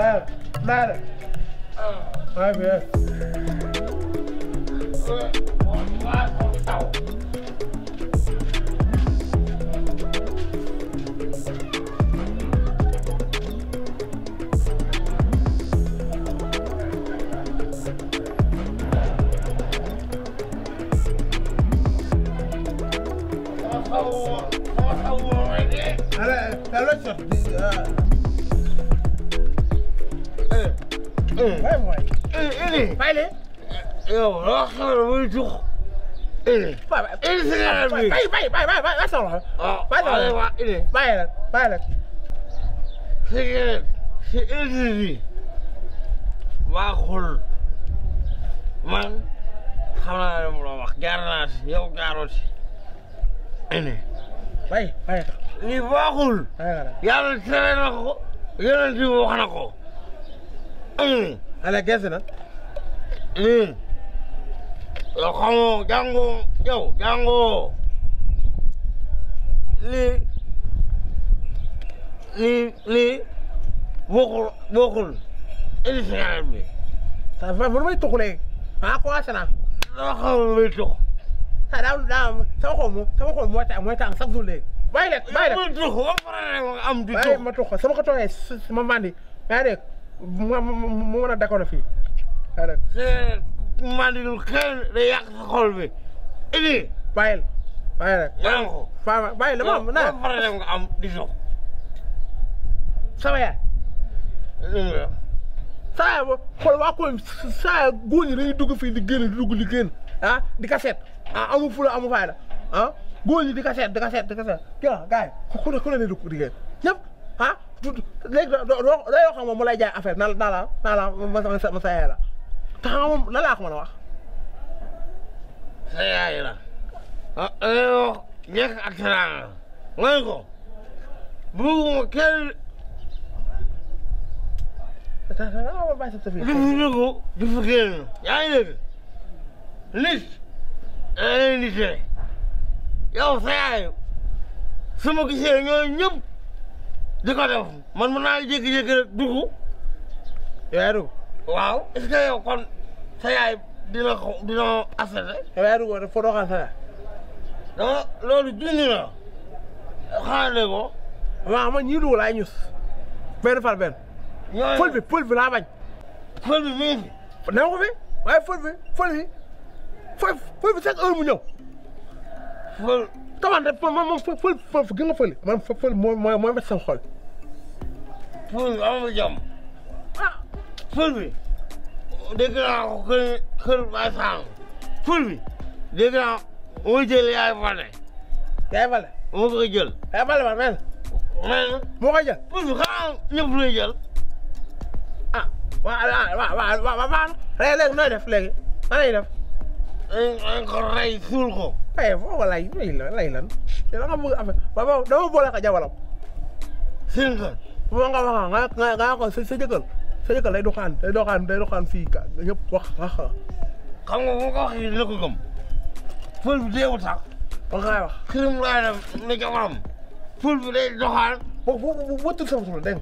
Ladder, ladder. Uh, man. Ili. Bayle. Yow loo xam ne muy tux. Ili. Ili si nga xam ne. Bayi bayi bayi bayi bayi soxla. waaw waaw waaw Ili. Bayi la bayi la. Sigaret si Ili bi baaxul man xam naa ne mu la wax jaar naa si yow jaaroo si. Ili. Bayi bayi. lii baaxul. yàlla tere na ko yonent bi wax na ko. Mm. ala gese na mm. yoo xamoo jàngoo yow jàngoo lii lii lii bokkul bokkul édition bi ça va man may tuq léegi ah commencé naa loo xam may tuq ah daaw daaw sama xol moom sama xol mooy tàng mooy tàng sax du léegi bàyyi leen bàyyi leen ma tuq ba am di tuq ma tuq sama ko ma mandi yaa dégg mu mu mën a dakkoon fii. maa ngi dugg xëy na yàq sa xol bi. Idi. bàyyil bàyyil rek. yaa ko Fama bàyyil dama am naa problème nga am di sox. sama yaay. saa yaay boobu xool waa saa yaay góor ñi dañuy dugg fii di génn di dugg di génn ah di ka seet ah, amu fula amu fayda ah góor ñi di ka seet di ka seet di ka ku ne ku ne di dugg di génn ñëpp ah, léegi doo doo doo mu lay jaay affaire naa la naa la naa la ma ma ma sa yaay la te xam moom lan laa ko mën a wax. sa yaay la ah aywa eh, njëkk oh, ak teraanga mooy ko bëgguma kenn. attends nan la ma bàyyi sa fi. ko dafa génn. yaa ngi dégg nit. yaa ngi yow sa yaay su ma gisee ñooñu ñëpp. di ko def man mën naa jékki-jékki rek dugg yaay dugg waaw est-ce que yow kon sa yaay dina ko dina accepté. yaay dugg wala foo doxal sa yaay. dama loolu junni na xaarale ko. waaw man ñii dugg laay ñus. benn far benn. ñooñu fël bi fël bi laa bañ. fël bi mi ngi fi. ne ko fi waaye fël bi fël bi fël fël bi chaque heure mu ñëw. fël. tamaan rek moom moom fë fë fë gën a fële man fë fële mooy mooy mooy sama xol. fële bi amul jàmm. ah fële bi dégg naa ko kër kër Baye Sall. fële bi dégg naa mu jël yaay Fane. yaay Fane. mu koy jël. yaay Fane man mel. mel na. moo koy jël. fële bi xanaa ñëpp lay jël. ah waaw waaw waaw waaw waaw léegi nooy def léegi nan lay def. dañ ko rey suul ko. waaye foofu lay lay lan te da nga bëgg affaire ba nga wax nga nga nga ko sa sa jëkkër sa jëkkër day doxaan day doxaan day doxaan fii ka ñëpp wax wax. xam nga bu ko nga wax xirim laay dem na jabaram. pël bi day doxaan. boo boo boo tëdd sama nga.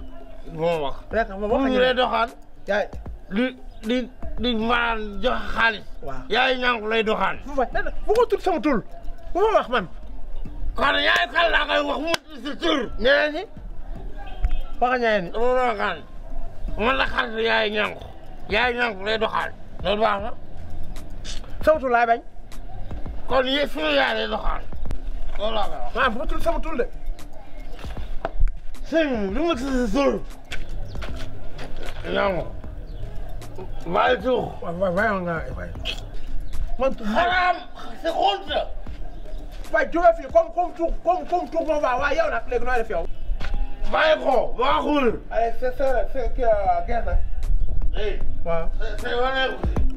lu ma wax. rek ma wax ak yow di di maanaam jox xaalis. waaw yaay ñànku lay doxaan. bu ko tudd sama tur bu ma wax man. kon yaay kan laa koy wax mu si tur. ñeneen ñi wax ñeneen ñi. dama doxaan man la xarit yaay ñànku yaay ñànku lay doxaan loolu baax na. sama tur laay bañ. kon yéen suñu yaay lay doxaan. loolu laa koy wax. maanaam bu ko tudd sama tur de. sëñ bi lu ma tudd si tur ñànku. maa ngi tuux. waaw waaw nga waaye. man tuux xaraam si xul sa. waaye jóge fii comme comme tuux comme comme tuux moom waaw waaye yow nag léegi nooy def yow. maa ngi ko waxul. allez c' est ça c' est kii gerte na. eh. waaw c' est vrai.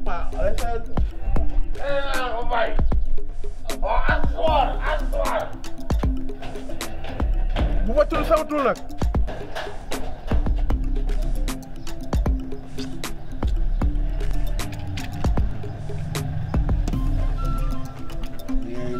waaw allez c' est. eh naa ko bàyyi. waaw asuwaar asuwaar. bu ma tudd sama tur nag.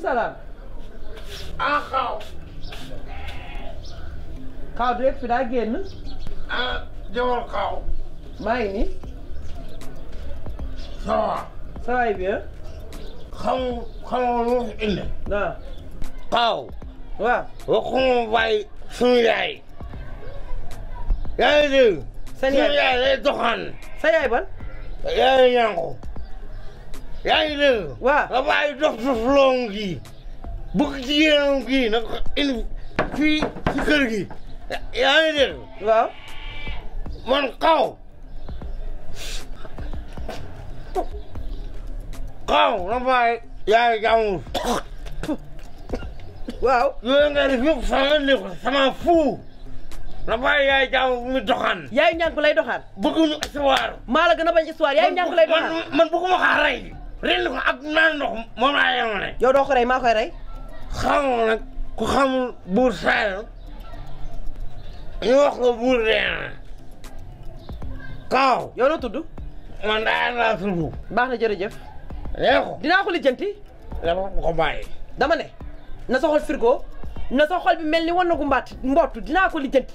salaam. ah xaaw. xaaw du rek fi daa génn. ah jëwal xaaw. maa ngi nii. ça va. ça va bien. xam xamoo lu ma fi indi. waaw. xaaw. waaw. waxuma bàyyi suñu yaay. yaa ngi dégg. sa yaay lay doxaan. sa yaay ban. yaa ngi ñàngu. yaa ngi dégg. waaw nga bàyyi dof dof loom gi bëgg jigéenam na ko indi fii ci kër gi. yaa ngi dégg. waaw man xaw xaw na bàyyi yaa ngi jàmmul. waaw yooyu nga def yëpp sama nekk sama fuu. na bàyyi yaay jaamu mi doxaan. yaay ñànk lay doxaan. bëgguñu histoire. maa la gën a bañ histoire yaay ñànk lay doxaan man man bëgguma xaaray. rend ko ak naan ndox moom laa yemale. yow doo ko rey maa rey. xamoo nag ku xamul buur Saalum ñu wax ko buur dee na kaw. yow noo tudd. man daa laa tudd. baax na jërëjëf. nee ko dinaa ko lijjanti. dama ne na sa xol frigo na sa xol bi mel ni wan na gu mbaat mbootu dinaa ko lijjanti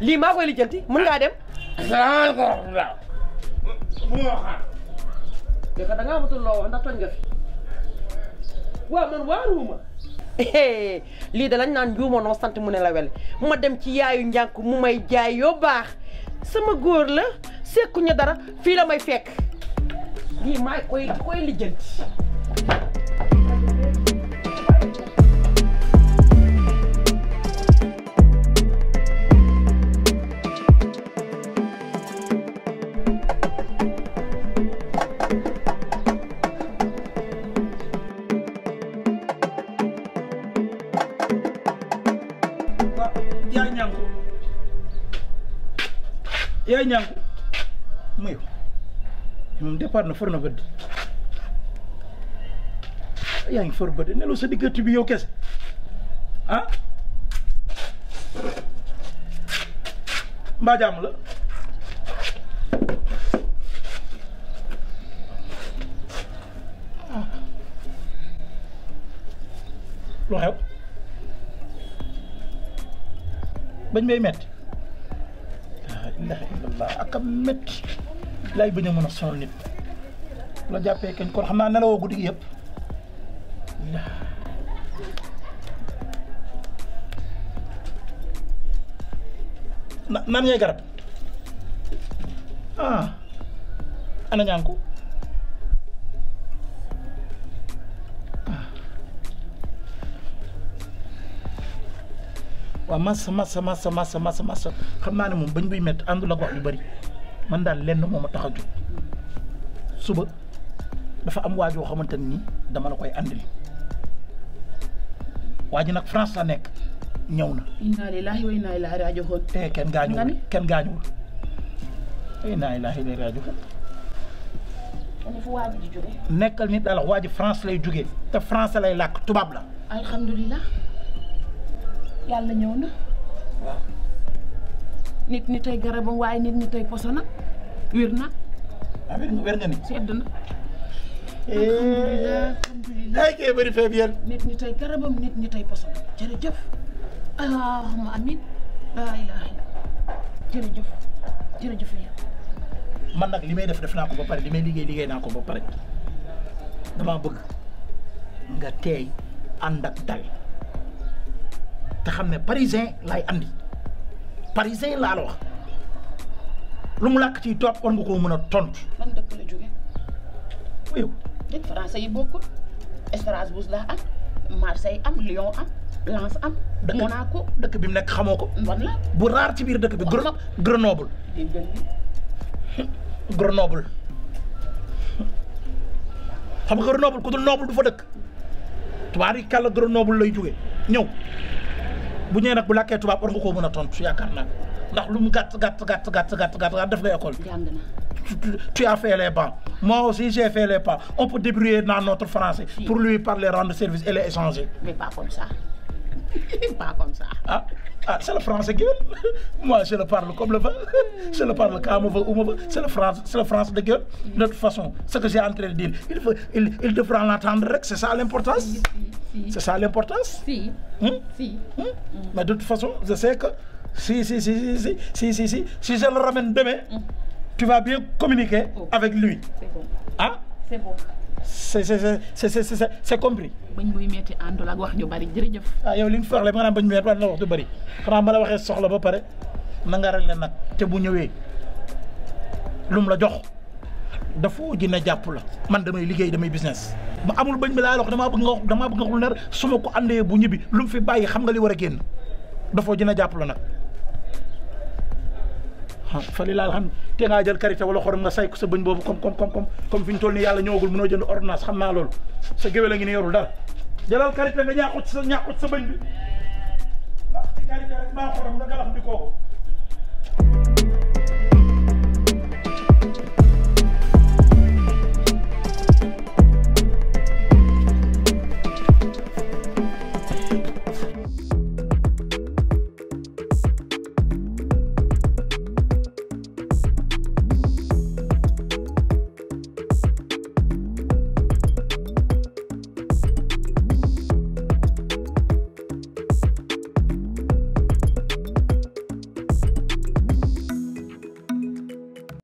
lii maa lijjanti mën ngaa dem. asalaamaaleykum wa rahmatulah. bu ma waxaat. daka da ngaa amatul loo lii da lañ naan njuuma noo sant mu ne la wel ma dem ci yaayu njànk mu may jaay yoo baax sama góor la sekkuñu dara fii la may fekk lii maa koy koy lijjanti yaa ñànku muy moom départ na for na bëdd yaa ngi for bëdd nelaw sa diggante bi yow kese ah mbaa jàmm la ah. lu xew allah ak a métti lay bañ a mën a sonal nit la jàppee kenn kon xam naa nelawoo guddi gi yëpp naan ngay garab ah ana ñaanku waaw massa massa massa massa massa massa xam naa ne moom bañ buy métti àndul ak wax yu bëri man daal lenn moo ma tax a jóg suba dafa am waajoo xamante ni dama la koy andil waa ji nag France la nekk ñëw na. inna lillahi wa inna ilayhi raaji'uun. te kenn gaañuwul kenn gaañuwul. inna lillahi wa inna ilayhi raaji'uun. nekkal nit daal waa France lay jóge te France lay làkk tubaab la. alhamdulilah. yalla ñew na nit ñi tey garabam way nit ñi tey poso na wér na ah wér nga ni sedd na eh, alhamdulilah kee bëri feeb yéen nit ñi tey garabam nit ñi tey poso na jërëjëf allahumma amin laa ilaha illa jërëjëf jërëjëf yéen man nag li may def def naa ko ba pare li may liggéey liggéey ko ba pare damaa bëgg nga teey ànd dal te xam ne parisien laay andi parisien laa wax lu mu làkk ci topp war nga koo mën a tontu. man dëkk yi am Marseille am Lyon dëkk bi mu nekk xamoo ko. ci biir dëkk bi. Grenoble. xam nga Grenoble ku du fa dëkk tubaab yi kàlla Grenoble lay jóge ñëw. Si nak bu laké tubab war nga ko mën tontu yaakaar na ndax lu mu gàtt gàtt def nga école tu as fait les bancs moi aussi j'ai fait les pas on peut débrouiller dans notre français. pour lui parler rendre service et les échanger. mais pas comme ça. pas comme ça. Ah, ah, c'est le français gueule. Moi, je le parle comme le veut, Je le parle comme veut, C'est le France, c'est le France de gueule. De toute façon, ce que j'ai en train de dire, il, faut, il, il devra l'entendre, c'est ça l'importance. C'est ça l'importance. Si. Si. Hein? Hein? Mais de toute façon, je sais que si, si, si, si, si, si, si, si, je le ramène demain, mm. tu vas bien communiquer oh. avec lui. C'est bon. Ah? C'est bon. c'est c'est c'est compris. bañ buy metti àndul ak wax ju bari jërëjëf. ah yow li wax soxla maanaam bañ metti àndul wax du bari xanaa ma la soxla ba pare na nga rek leen nag te bu ñëwee lum la jox dafa dina jàpp la man damay liggéey damay business. ma amul bañ bi laa wax damaa bëgg nga wax damaa bëgg nga ko andee bu ñibbi lu mu fi bàyyi xam nga li war a génn dafa dina jàpp la nag. fa li laal xam te ngaa jël karité wala xorom nga say ko sa bëñ boobu comme comme comme comme fi ñu toll nii yàlla ñëwagul mënoo jënd ordonnance xam naa loolu sa géwél a ngi ne yorul dara jëlal karité nga ñaaxut sa ñaaxut sa bëñ bi waaw ci karité maa xorom nga galax di kooku